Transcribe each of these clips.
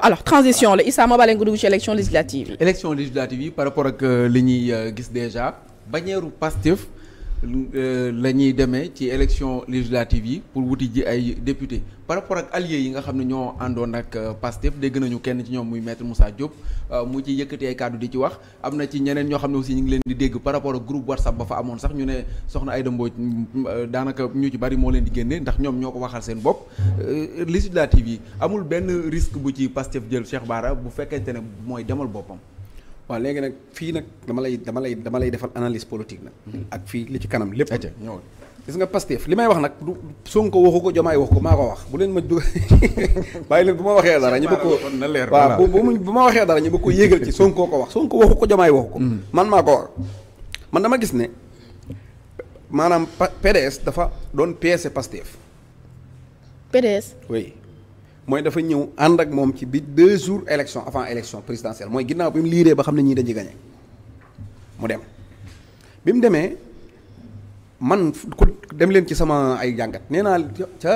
alors transition le Issa Maba élections élection législative élection législative par rapport à que nous gis déjà Pastef Euh, la ñuy demee ci élection législative yi pour wuti ji ay député par rapport ak alliés yi nga xam ne ñoo àndoon ak euh, Pastef dégg nañu kenn ci ñoom muy maître mussa Diop euh, mu ci yëkkati ay kàddu di ci wax am na ci ñeneen ñoo xam ne aussi ñu ngi leen di dégg par rapport ak groupe WhatsApp ba fa amoon sax ñu ne soxna Aïda Mbodj mm, daanaka ñu ci bari moo leen di génne ndax ñoom ñoo ko waxal seen bopp législative yi amul benn risque bu ci Pastef jël Cheikh Bara bu fekkente ne mooy demal boppam waaw léegi nag fii nag dama lay dama lay dama lay defal analyse politique nag. Mhm. ak fii li ci kanam lépp. gis nga Pastef li may wax nag du Sonko waxu ko Jomaay wax ko maa ko wax bu leen ma dugg bàyyi leen bu ma waxee dara ñu bëgg ko waaw bu ma waxee dara ñu bëgg ko yéegal ci Sonko ko wax Sonko waxu ko Jomaay waxu ko mhm. man maa ko wax man dama gis ne maanaam PDS dafa doon peese Pastef PDS oui moy dafa ñëw and ak mom ci bi deux jours élection avant élection présidentielle moy ginnaaw bi mu liiree ba xam ñi ñii dañuy gagné mu dem bi mu demee man dem leen ci sama ay jangat néna naa ca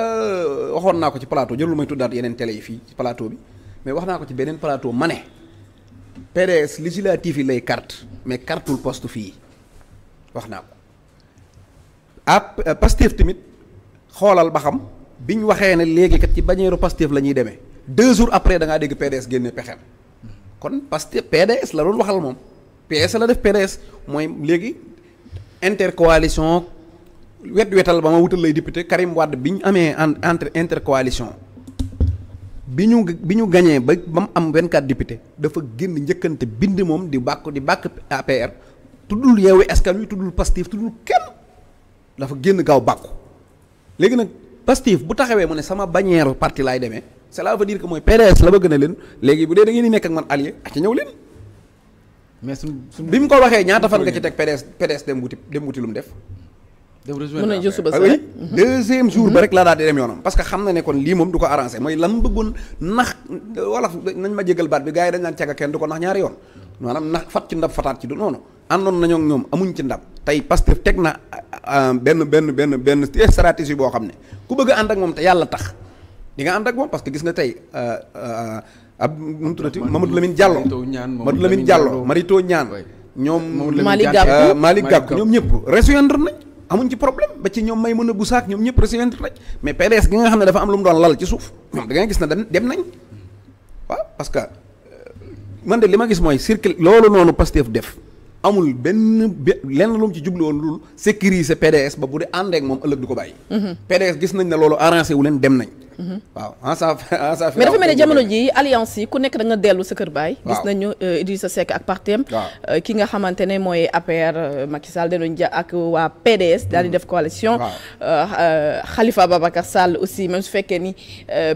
waxoon naa ci plateau jërul may tuddat yenen télé yi fii ci plateau bi mais wax naa ci benen plateau mané PDS législative lay carte mais cartul poste fi wax naa ko ah Pastef tamit ba xam. biñ waxé né légui kat ci bañeeru Pastef la démé demee deux jours après da nga dégg PDS génné pexem kon Pastef PDS la doon waxal mom PS la def PDS moy légui intercoalition wet wetal ba ma wutal lay député Karim Wade biñ amé entre intercoalition biñu biñu gagné ba ba am 24 député dafa génn ñëkënte bind mom di bakku di bak APR tudul yewu askan tudul tuddul Pastef tuddul kenn dafa génn gaw bakku légui nak Pastef bu taxawee mu ne sama bannière parti laay deme cela veut dire que mooy PDS la bëgg na leen léegi bu dee da ngeen di nekk ak man allié ak ci ñëw leen. bi mu ko waxee ñaata fan nga ci teg PDS PDS dem wuti dem wuti lu def. dem ah jour ba rek laa daal di dem yoonam parce que xam na ne kon lii moom du ko arrangé mooy lam bëggoon nax wala nañ ma jégal baat bi gars yi dañ naan caga kenn du ko nax ñaari yoon maanaam nax fat ci ndab fataat ci du noonu andon nañu ak ñom amuñ ci ndam tay pastef teg na ah, ah, ben ben, ben benn stratégie boo xam ku bëgg and ak mom te yalla tax di nga and ak mom parce que gis nga tey ah, ab nu tuddati mamadou lamine diallo mamadou lamine diallo marito ñaan ñom malik gak ñom ñep rejoindre nañ amuñ ci problème ba ci ñom may mëna a busaak ñoom ñëpp rejoindre nañ mais pds gi nga xamne dafa am lu mu doon lal ci suuf ñom da nga gis na dem nañ wa parce que euh, man de lima gis moy circle loolu noonu pastef def amul benn be lenn lu ci jublu won lul sécuriser PDS ba boudi ande ak mom ëllëg du ko bàyyi. Mhm. PDS gis nañ ne loolu arrangé wu leen dem nañ. Mhm. waaw en ça en ça mais dafa mel ni jamono ji alliance yi ku nek da nga delu sa kër baay. gis nañu euh, Idrissa Seck ak partem euh, ki nga xamantene moy APR euh, Macky Sall dañu ja ak wa PDS. daal di mhm. def coalition. Khalifa Babacar Sall aussi même su fekkee ni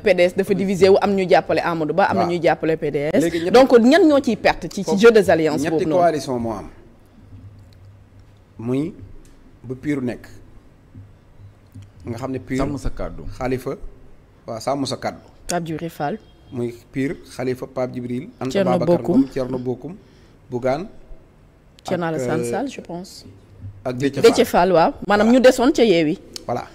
PDS dafa diviser wu am ñu jappalé Amadou Ba. am ñu jappalé PDS. donc ñan ñoo ci perte ci jeu des alliances boobu noonu coalition moo am muy bu piiru nek nga xam pur, sam sa kàddu khalifa wa sam sa Fall Anta baba Bokum euh, je pense ak Fall ñu sommes les yewi voilà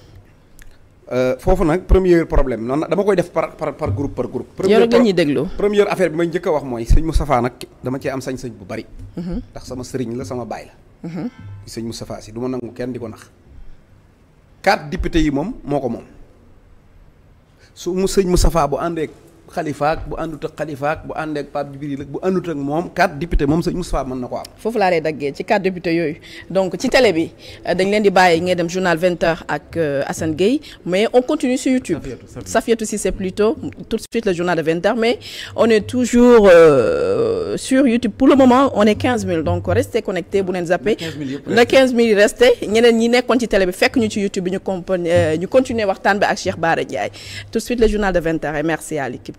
euh, fofu nak premier problème non, dama koy def par par par groupe par groupe. premier affaire bi may jëk wax moy seigne Moustapha nak dama ci am sañ seigne bu bari. Mhm. ndax sama la sama Mhm. sëñ Moustapha Sy du ma nangu kenn di ko nax quatre députés yi moom moo ko moom su mu sëñ Moustapha bu àndeek ak bu Khalifa, ak xalifaak bu ànd ak Pape Djibril bu andout ak mom quatre députés mom sëñ Moustapha mën ko am. foofu lay daggee ci quatre députés yoy donc ci télé bi euh, dañ leen di baye ngay dem journal 20h ak euh, Assane Gueye mais on continue sur YouTube. Safiatou si c'est plutôt tout de suite le journal de 20h mais on est toujours euh, sur YouTube pour le moment on est 15 000 donc restez connectés bou len zappé. na 15 000 resté ñeneen ñi nekkoon ci télé bi fekk ñu ci YouTube ñu compo euh, ñu continuer waxtaan ak Cheikh Bara Ndiaye tout de suite le journal de 20h et merci à l'équipe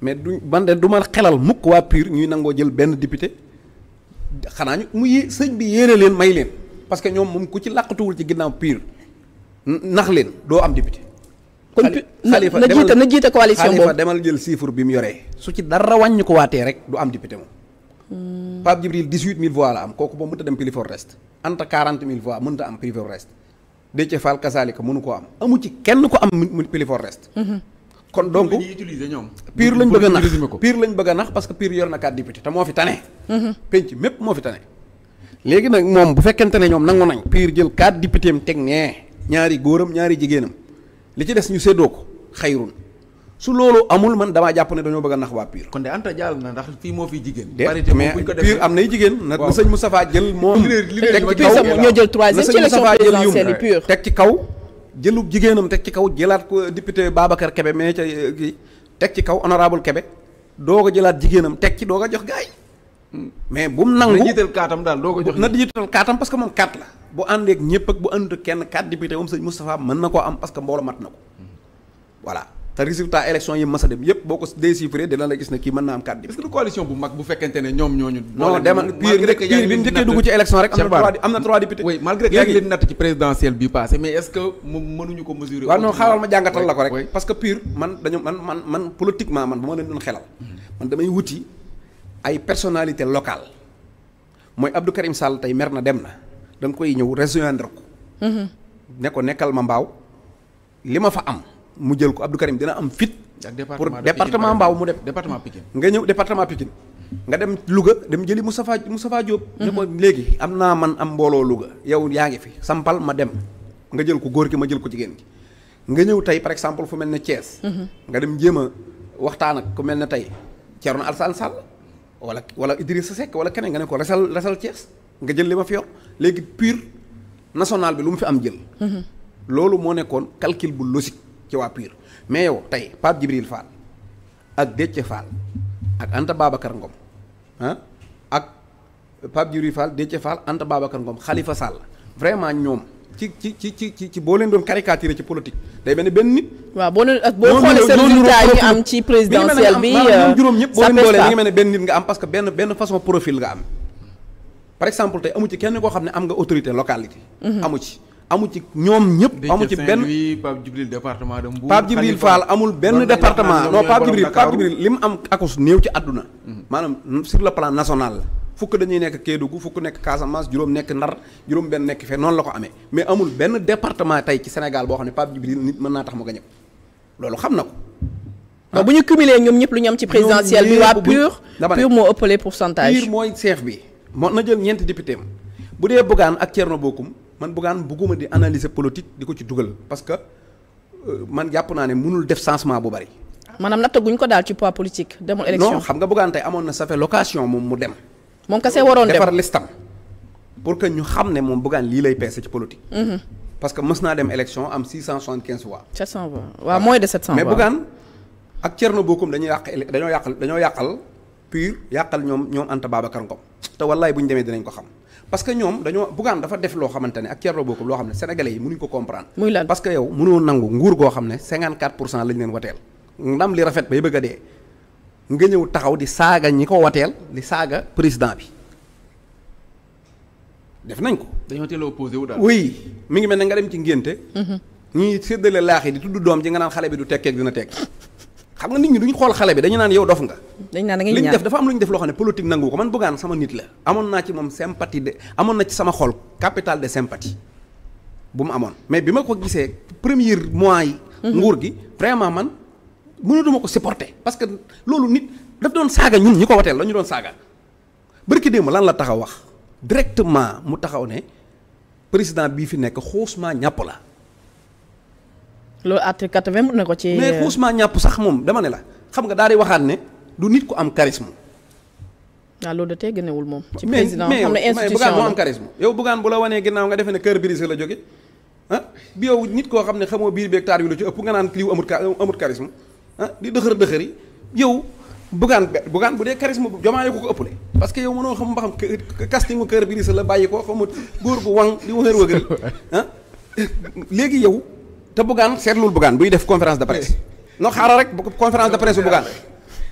mais du man de du ma xelal mukk waa PUR ñuy nangoo jël benn député xanaa ñu mu yé sëñ bi yéene leen may leen parce que ñoom moom ku ci làqatuwul ci ginnaaw piir nax leen doo am député. kon xalifa na jiite na jiite coalition boobu demal jël chiffre bi mu yoree su ci dara wàññi ko waatee rek du am député moom. Hmm. Pape Djibril 18000 voix la am kooku boobu mënut a dem Pili Forest. Anta 40000 voix mënut a am Pili Forest. Déthié Fall kasaalika mënu ko am amu ci kenn ko am Pili Forest. kon donc pire lañ bëgg a nax pire lañ bëgg a nax parce que pire yor na quatre députés te moo fi tane. Mhm. penc mépp moo fi tane. léegi nag moom bu fekkente ne ñoom nangu nañ pire jël quatre députés teg nee ñaari góoram ñaari jigéenam li ci des ñu séddoo ko xayrun su loolu amul man damaa jàpp ne dañoo bëgg a nax waa pire. kon de Anta jàll na ndax fii moo fi jigéen. parité mais pire am nay jigéen. waaw na sëñ Moustapha jël moom. teg ci kaw. jëlub jigéenam teg ci kaw jëlaat ko député Babacar Kebe mais ca euh, teg ci kaw honorable Kebe doo ko jëlaat jigéenam teg ci doo ko jox gaay mais bu mu nangu na jiital kaatam daal doo ko jox na jiital kaatam parce que moom kaat la bu àndeek ñëpp ak bu àndut kenn kaat député moom sa Moustapha mën na ko am parce que mbooloo mat na ko voilà résultat élection yi mas a dem yépp boo ko déchiffré dina mais est-ce mënuñu ko mesurer waaw non xaaral ma jàngatal la ko rek parce que pire man dañu man man politiquement man bu ma leen doon xelal man damay wuti ay personnalité local mooy Abdou Karim Sall tey mer na dem na da nga koy ñëw rejoindre ko mhm. ne ko nekkal ma mbaaw li ma fa am mu jël ko Abdou Karim dina am fit. pour département Mbaaw mu dem. département Pikine nga ñëw département Pikine. nga dem Louga dem jëli Moustapha Moustapha Diop. ne mhm. ko léegi am naa man am mbooloo Louga yow yaa ngi fi sampal ma dem nga jël ko góor ki ma jël ko jigéen gi. nga ñëw tey par exemple fu mel ne Thiès. Mhm. nga dem jéem a waxtaan ak ku mel ne tey Thierno Alassane Sall wala wala Idrissa Seck wala keneen nga ne ko resal resal Thiès nga jël li ma fi yor léegi pur national bi lu mu fi am jël. Mhm. loolu moo nekkoon calcul bu ci waa mais yow tey Pape Djibril Fall ak Déthié Fall ak Anta Babacar Ngom ah ak Pape Djibril Fall Déthié Fall Anta Babacar Ngom Khalifa Sall vraiment ñoom ci ci ci ci ci boo leen doon caricature ci politique day benn benn nit. waaw boo leen ak boo xoolee seen résultat am ci présidentielle bi. ñoom euh, juróom ñëpp boo leen doolee ne benn nit nga am parce que benn benn façon profil nga am par exemple tey amu ci kenn koo xam ne am nga autorité localité mm-hmm. amu ci. amu ci ñoom ñëpp. amu ci benn Pape département de Mbour. Pape Djibril Fall amul benn département non li mu am akus néew ci àdduna. Mhm. maanaam sur le plan national la. dañuy nekk Kédougou fukk nekk Casamance juróom nekk Ndar juróom benn nekk fee noonu la ko amee mais amul benn département tey ci Sénégal boo xam ne Pape Djibril nit mën naa tax mu gañe ko loolu xam na ko. waaw ah. bu ñu cumulé ñoom ñëpp lu ñu am ci présidentielle bi waa pur pur moo ëppale pourcentage. pur mooy chef bi. moo na jël ñeenti député bu dee Bougane ak na bokkum man Bougane bugguma di analyser politique di ko ci dugal parce que euh, man japp naa ne mënul def changement bu bari. maanaam guñ ko dal ci poids politique. demul élection non xam nga Bougane tay amon na sa fait location mom mu dem. mom kasse waron dem defar listam pour que ñu xam ne bu Bougane li lay peese ci politique. Mhm. parce que mës dem élection am 675 voix. 700 voix wa moins de 700 voix mais Bougane ak tierno bokum dañuy yak dañoo yakal dañoo yakal pur yakal ñom ñom Anta Babacar Ngom te wallahi bu démé dinañ ko xam. parce que ñoom dañoo Bougane dafa def loo xamante ne ak Thierno Bocoum loo xam ne sénégalais yi mënuñ ko comprendre. muy lan parce que yow mënoo nangu nguur goo xam ne 54 pour cent lañ leen wateel ndam li rafet bay bëgg a dee nga ñëw taxaw di saaga ñi ko wateel di saaga président bi def nañ ko. dañoo teel a wu daal. oui mi ngi mel ne nga dem ci ngénte mhm. ñii séddale laax yi di tudd doom ji nga naan xale bi du tekkeeg dina tekki. xam nga nit ñi duñ xool xale bi dañu naan yow dof nga dañ naan nga ñaan liñ def dafa am luñ def lo xamne politique nangu ko man bëggaan sama nit la Amon na ci mom sympathie de amon na ci sama xol capital de sympathie bu mu amon mais bima ko gisé premier mois yi mhm. nguur gi vraiment man mënatuma ko supporter parce que lolu nit daf doon saga, ñun ñiko watel lañu doon saga barki dem lan la taxaw wax directement mu taxaw ne président bi fi nek xoosmaa ñapp la loolu article quatre-vingt mën na ko ci. mais euh, Ousmane ñàpp sax moom dama ne la xam nga daal di waxaat ne du nit ku am charisme. waaw loolu da tey gënewul moom. ci président xam na institution mais Bougane moo am charisme. yow Bougane bu la wanee ginnaaw nga defe ne kër brise la jóge ah bi yow nit koo xam ne xamoo biir beeg taar yu la ci ëpp nga naan kii amut amut charisme ah di dëxër dëxër yi yow Bougane Bougane bu dee charisme bu jomaayoo ko ko ëppale. parce que yow mënoo xam ba xam castingu kër la bàyyi ko xamut góor gu waŋ di wër wëgëri ah léegi yow te bugan seetlul bugan buy def conférence de presse eh. No xara rek conférence de presse bugan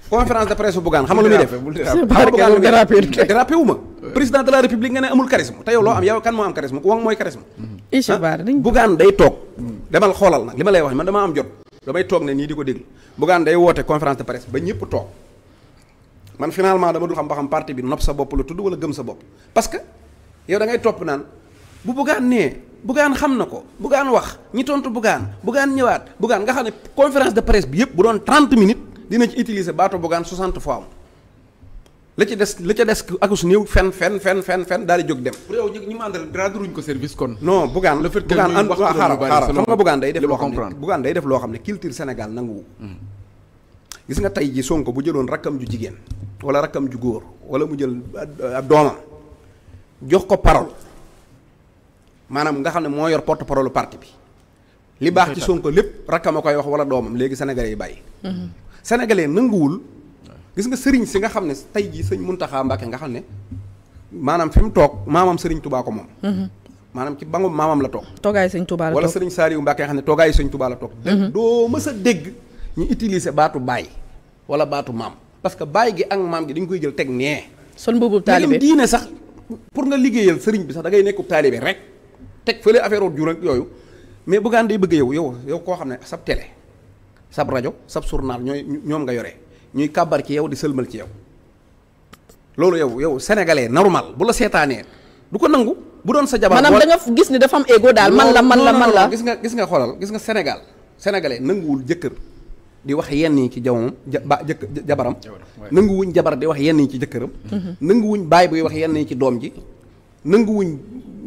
conférence de presse bugan xam nga lu muy def drapé wuma président de la république nga ne amul charisme te yow loo am yow kan mo am charisme ko wang moy charisme mm-hmm. ah, bugan day tok mm. demal xolal nak li lay wax man dama am jot damay tok ne ni di deg bugan day wote conférence de presse ba ñepp tok man finalement dama dul xam ba xam parti bi nop sa bop lu tuddu wala gem sa bop parce que yow da ngay top nan bu bugan ne bugaan xam nako bugan bugaan wax ñi tontu bugaan bugaan ñewat bugaan nga xam conférence de presse bi yépp bu doon 30 minutes dina ci utiliser bato bugaan 60 fois la ci dess la ci dess ak su new fen fen fen fen fen dal di dem. pour yow ñu ñu mandal ko service kon. non bugaan le fait que bugaan and wax xaaral xam nga bugan day def lo comprendre bugan day def lo xamne culture Sénégal nanguwu. Hmm. gis nga tay ji sonko bu jëlone rakam ju jigen wala rakam ju góor wala mu jël ab jox ko parole maanaam nga xam ne moo yor porte parole parti bi li baax ci sonk lépp rakkam a koy wax wala doomam léegi sénégalais yi bàyyi mm-hmm. sénégalais nanguwul gis nga sëriñ si nga xam ne tey jii sëñ Muntaxa Mbàkke nga xam ne maanaam fi mu toog maamam sëriñ Tubaa ko moom mm-hmm. maanaam ci bangum maamam la toog toogaay sëñ Tubaa la wala sëriñ Saaliwu Mbàkke nga xam ne toogaay sëñ Tubaa la toog mm-hmm. doo mës a dégg ñu utiliser baatu baay wala baatu maam parce que baay gi ak maam gi dañ koy jël teg nee sol boobu taalibe diine sax pour nga liggéeyal sëriñ bi sax da ngay nekkub taalibe rek Tek fële affaire wu jur ak yooyu mais bu day bëgg yow yow yow ko xam sab télé sab rajo sab journal ñoy ñom nga yoré ñuy kabar ci yow di selmal ci yow lolu yow yow sénégalais normal bu la sétané du ko nangu bu doon sa jabar manam da nga gis ni dafa am ego dal, man la man la man la gis nga gis nga xolal gis nga sénégal sénégalais nanguul jëkkeur di wax yenn ci jawum jabaram nanguwuñ jabar di wax yenn ci jëkkeuram mhm. nanguwuñ bay bu wax yenn ci dom ji nangu wuñ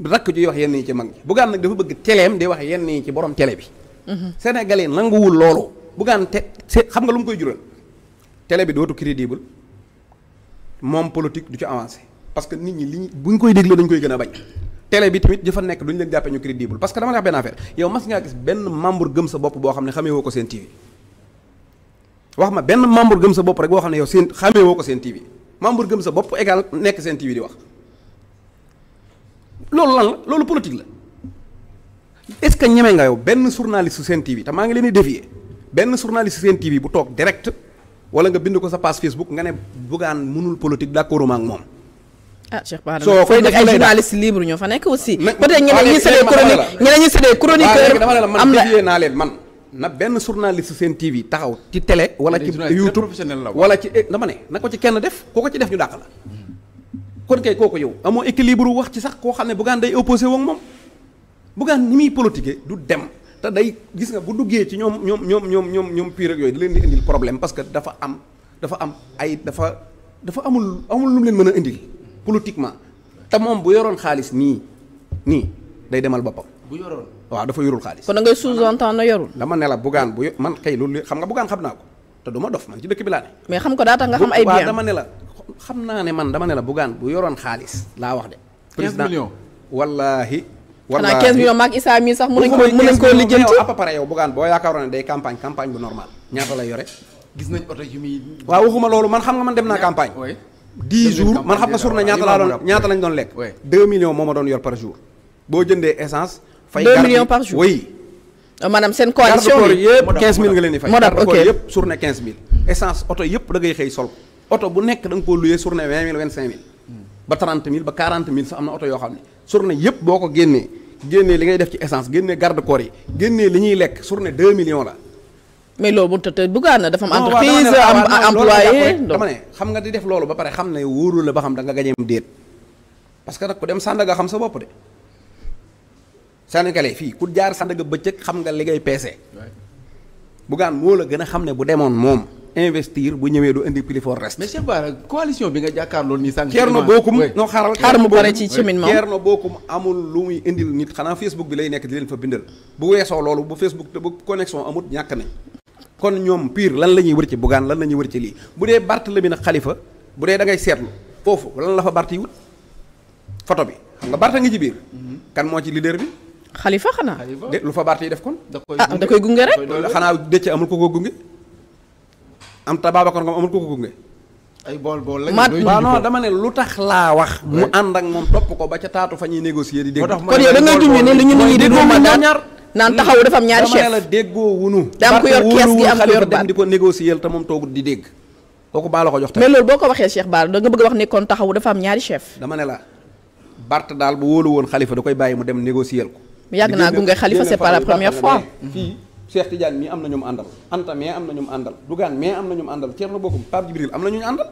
rakk ju wax yenn yi ci mag ñi bu gaan nag dafa bëgg teleem di wax yenn yi ci borom télé bi mhm. sénégalais nanguwul loolu bu gaan te xam nga lu mu koy jural télé bi dootu crédible moom politique du ci avancé parce que nit ñi li buñ koy dégloo dañ koy gën a bañ télé bi tamit dafa nekk duñ leen jàppe ñu crédible parce que dama la wax benn affaire yow mas nga gis ben membre gëm sa bopp boo xam ne xamee woo tv wax ma ben membre gëm sa bopp rek boo xam yow seen xamee woo ko tv membre gëm sa bopp égal nek seen tv di wax loolu lan la loolu politique la est-ce que ñeme nga yow benn journaliste su seen TV te maa ngi leen di défier journaliste su TV bu toog direct wala nga bind ko sa page Facebook nga ne bugaan mënul politique d'accord ak moom. ah Cheikh Bara soo koy def ay journaliste libre ñoo fa nekk aussi. peut être ñeneen ñi séddee chronique ñeneen ñi séddee chroniqueur. am na man défier naa leen man. na benn journaliste seen TV taxaw ci télé. wala ci YouTube wala ci eh, dama ne na ko ci kenn def ku ci def ñu dàq la. Hmm. kon kooku yow amoo équilibre wax ci sax koo xam ne Bougane day opposé woon moom Bougane ni muy politiquer du dem te day gis nga bu duggee ci ñoom ñoom ñoom ñoom ñoom ñoom pire ak yooyu da leen di indil parce que dafa am dafa am ay dafa dafa amul amul lu leen mën a indil politiquement te moom bu yoroon xaalis nii nii day demal boppam. bu yoroon waaw dafa yorul xaalis. kon a ngay sous-entendre yorul. dama ne la Bougane bu man kay loolu xam nga Bougane xam naa ko te du ma dof man ci dëkk bi laa ne. mais xam ko daa tax nga xam ay bien dama ne la. xam naa ne man dama ne la bugaan bu yoroon xaalis laa wax de. président 15 millions wallaahi. xanaa 15 millions maag Issa mii sax mën ko mën ko lijjanti à peu près yow bugaan boo yaakaaroon ne day campagne campagne bu normal ñaata lay yore. gis nañ oto yu muy. waaw waxuma loolu man xam nga man dem naa ya, campagne. 10 jours man xam nga sur na ñaata laa doon ñaata lañ doon lekk. 2 millions moo ma doon yor par jour. boo jëndee essence. fay 2 millions par jour oui. Euh, maanaam seen coalition bi yëpp 15000 nga leen di fay. modap ok yëpp sur ne 15000. essence oto yëpp da ngay xëy sol oto bu nekk da nga koo luyee journée vingt mille vingt cinq mille ba trente mille ba quarante mille sax am na oto yoo xam ne journée yëpp boo ko génnee génnee li ngay def ci essence génnee garde corps yi génnee li ñuy lekk journée deux millions la mais loolu mënut a te bugaan na dafa am entreprise am employé dama ne xam nga di def loolu ba pare xam ne wóorul la ba xam da nga gañeem déet parce que nag ku dem Sandaga xam sa bopp de Sénégalais fii ku jaar Sandaga bëccëg xam nga li ngay peese bugaan moo la gën a ne bu demoon moom investir bu ñëwee du indi prix forest mais Cheikh Bara coalition bi nga jàkkaarloo ni sànq Thierno Bocoum non xaaral xaaral ma ci cheminement Thierno Bocoum amul lu muy indil nit xanaa Facebook bi lay nekk di leen fa bindal bu weesoo loolu bu Facebook bu connexion amut ñàkk nañ kon ñoom pire lan la ñuy wër ci bugaan lan la ñuy wër ci lii bu dee Barthélemy nag xalifa bu dee da ngay seetlu foofu lan la fa Barth wut photo bi nga Barth ngi ci biir mhm. kan moo ci leader bi xalifa xanaa lu fa Barth def kon da koy ah, gunge rek xanaa amul ko ko gunge am tababa kon Ngom amul ko ko gunge ay bol bol lañ mat ba non dama né lutax la wax mu and ak mom top ko ba ca taatu fa ñi négocier di dégg kon yow da nga junj né li ñu nit ñi di ruuma ñaar nan taxaw dafa am ñaari chef dama la déggo wunu da ko yor caisse gi am ko yor dem di ko négocier ta mom togu di dégg koku ba la ko jox mais lool boko waxé Cheikh Bara da nga bëgg wax né kon taxaw dafa am ñaari chef dama né la Bart dal bu wolu won Khalifa da koy bayyi mu dem négocier ko yàgg naa gunge Khalifa c'est pas la première fois Cheikh Tidiane mi amna ñum andal Anta mais amna ñum andal Dugaan mais amna na ñum àndal Thierno Bokum Pape jibril amna na andal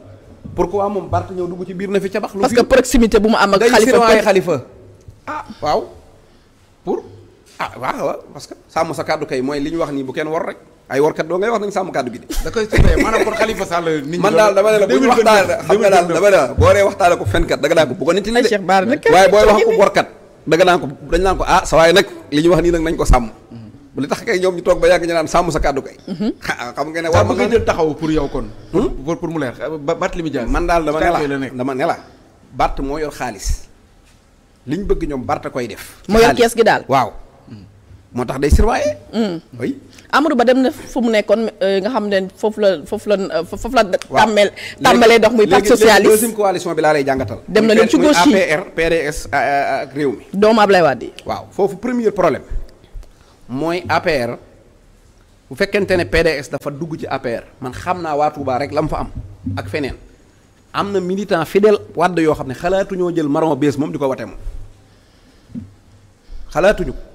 pourquoi mom barke ñëw duggu ci bir na fi ci bax lu parce que proximité bu mu am ak khalifa ay khalifa ah waaw pour ah waaw parce que sàmm sa kàddu kay moy liñ wax ni bu ken wor rek ay warkat do ngay wax nañ sàmm kàddu gi de da koy sutee maanaam kon xalifa sàll nit man dal dama la bu wax dal xam nga dal dama la bo re wax waxtaale ko fenkat da nga daan ko bu ko nit ñi de waaye booy wax ko warkat da nga daan ko dañ la ko ah sa way nak liñ wax ni nak nañ ko sam li tax kay ñoom ñu toog ba yàgg ñu naan sa kàddu kay. xam nga ne war ma nga taxaw pour yow kon. pour pour mu leer bat li jaar. man daal dama ne dama ne la Bart yor xaalis liñ bëgg ñoom Bart koy def. moo yor kees gi daal waaw. moo day surveiller. Mm. oui. Amadou Ba dem na fu mu eh, nga xam ne la la eh, la dox muy parti socialiste deuxième coalition bi lay dem na ci gauche APR PDS ak mi. waaw premier problème. mooy APR bu fekkente ne PDS dafa dugg ci APR man xam naa waa Touba rek la mu fa am ak feneen am na militant fidèle Wàdd yoo xam ne xalaatuñoo jël marron bees moom di ko wate moom xalaatuñu